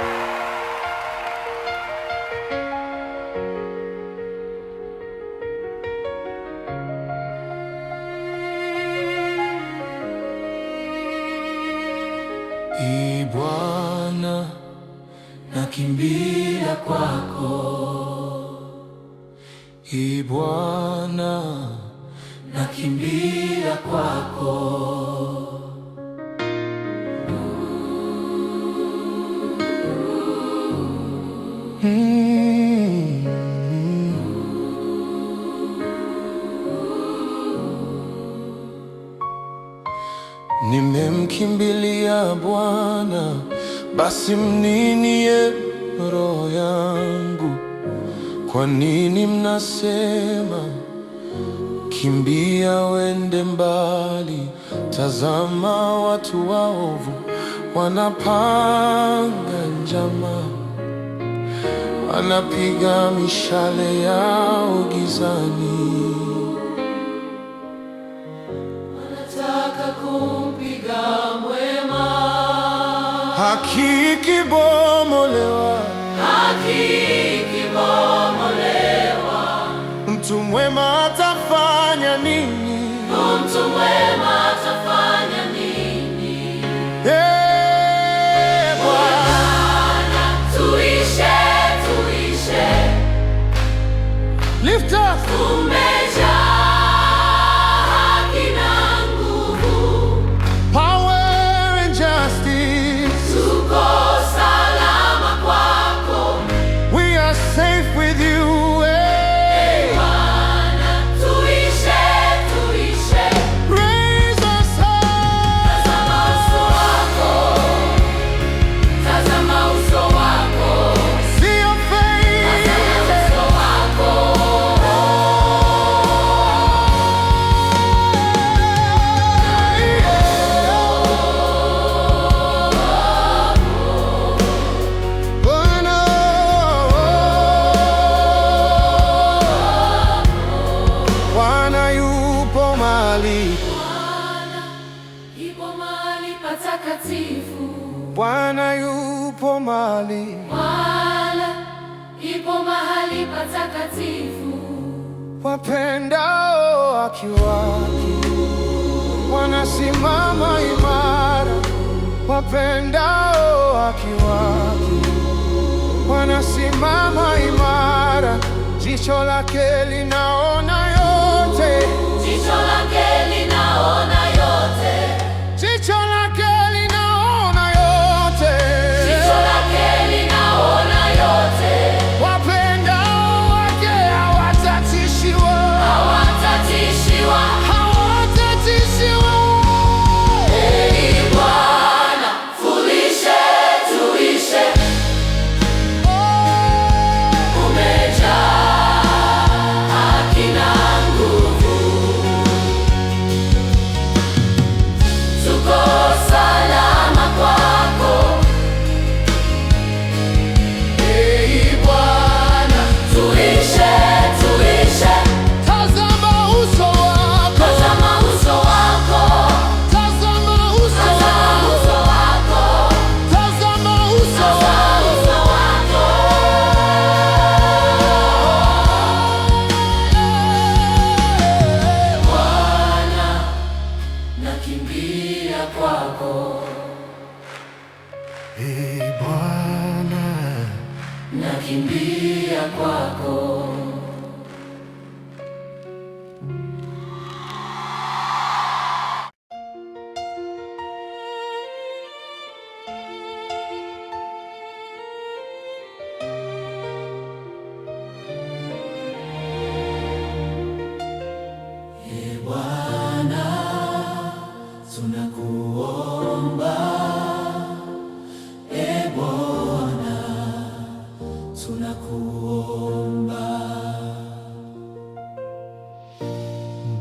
thank you Nimemkimbilia Bwana, basi mninie roho yangu. Kwa nini mnasema, kimbia wende mbali? Tazama, watu waovu wanapanga njama, wanapiga mishale yao gizani. haki ikibomolewa, haki ikibomolewa, mtu mwema atafanya nini? Mtu mwema atafanya nini? Hey, Bwana tuishe, tuishe. Lift up. patakatifu. Wapendao haki wake wanasimama imara, wapendao haki wake wanasimama imara, jicho lake linaona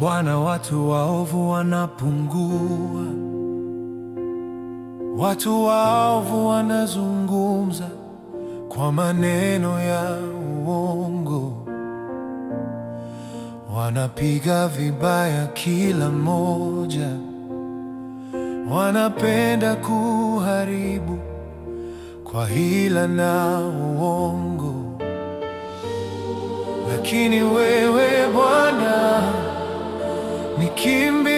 Bwana, watu waovu wanapungua, watu waovu wanazungumza kwa maneno ya uongo, wanapiga vibaya kila mmoja, wanapenda kuharibu kwa hila na uongo, lakini wewe Bwana be.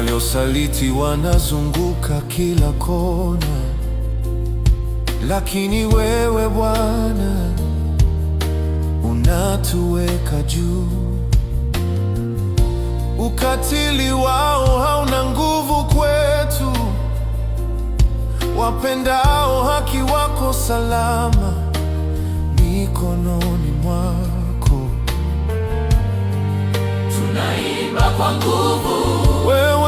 Waliosaliti wanazunguka kila kona, lakini wewe Bwana unatuweka juu. Ukatili wao hauna nguvu kwetu, wapendao haki wako salama mikononi mwako. Tunaimba kwa nguvu wewe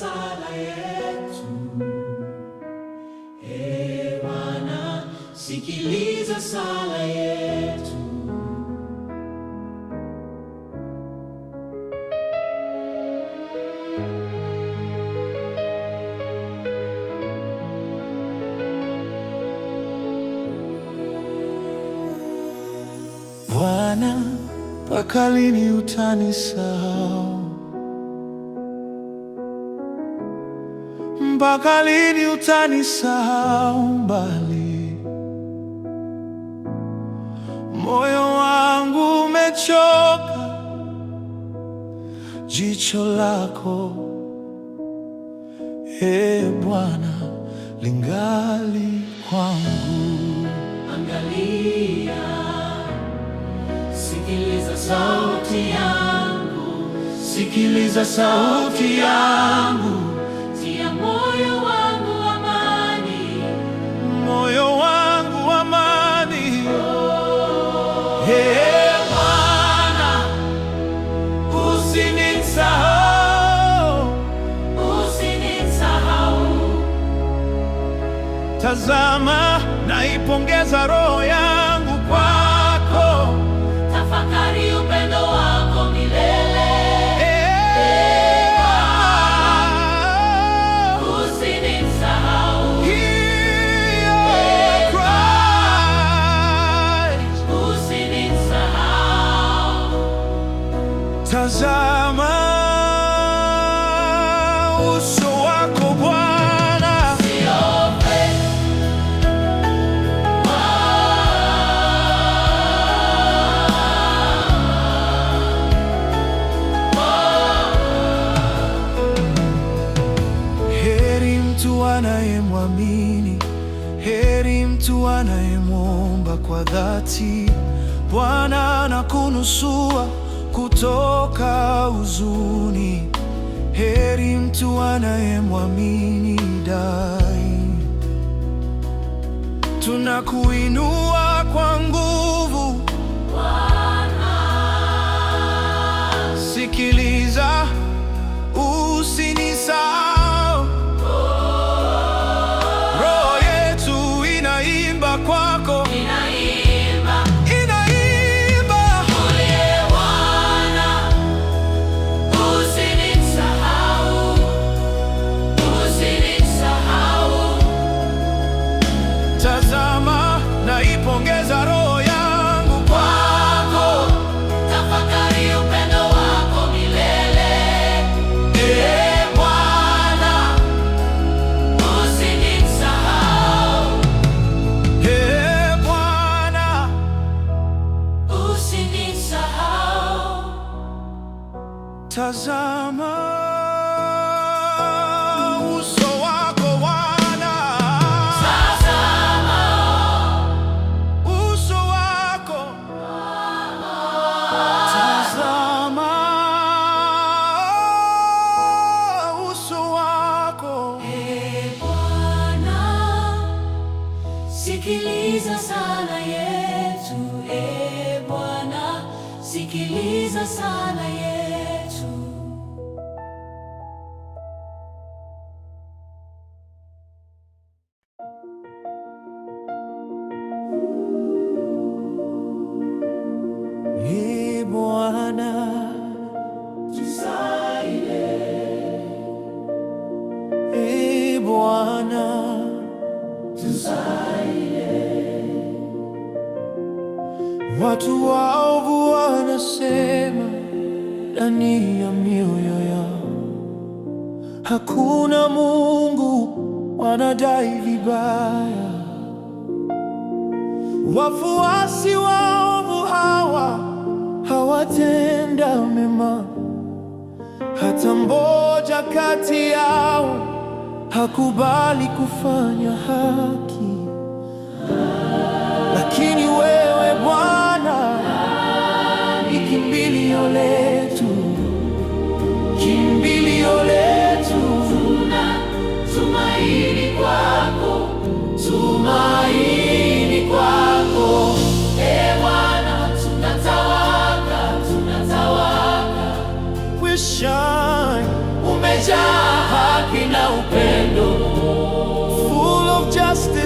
sala yetu. E Bwana, sikiliza sala yetu. Bwana, mpaka lini utanisahau? Mpaka lini utanisahau mbali? Moyo wangu umechoka, jicho lako e Bwana lingali kwangu. Angalia, sikiliza sauti yangu, sikiliza sauti yangu salama, naipongeza roho ya Cause I'm a watenda mema, hata mmoja kati yao hakubali kufanya haki. Lakini wewe Bwana ni kimbilio letu, kimbilio letu, tuna tumaini kwako, tumaini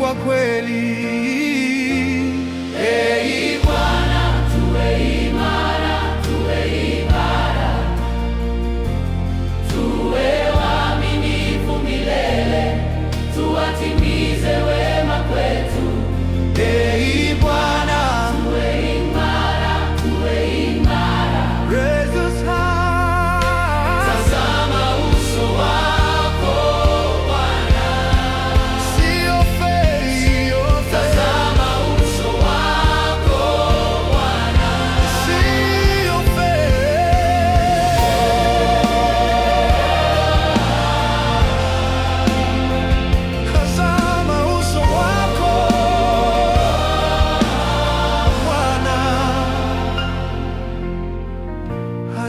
kwa kweli.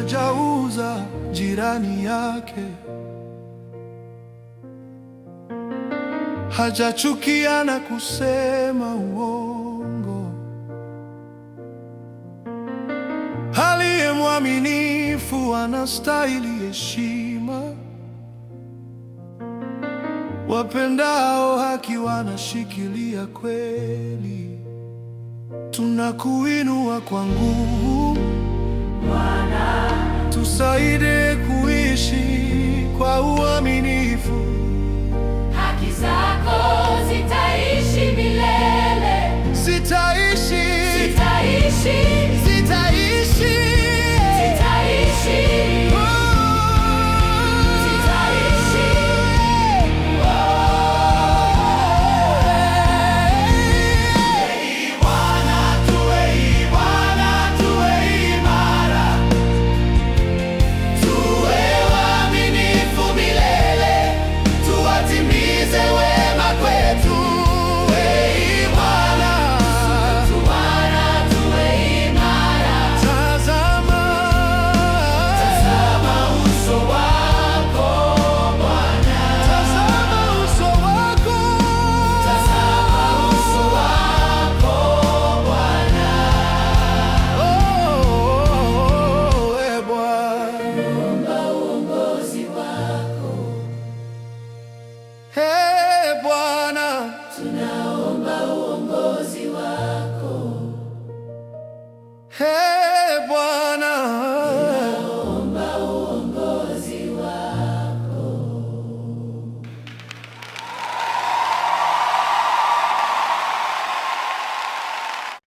hajauza jirani yake, hajachukia na kusema uongo, aliye mwaminifu anastahili heshima, wapendao haki wanashikilia kweli. Tunakuinua kwa nguvu Bwana tusaidie kuishi kwa uaminifu, haki zako zitai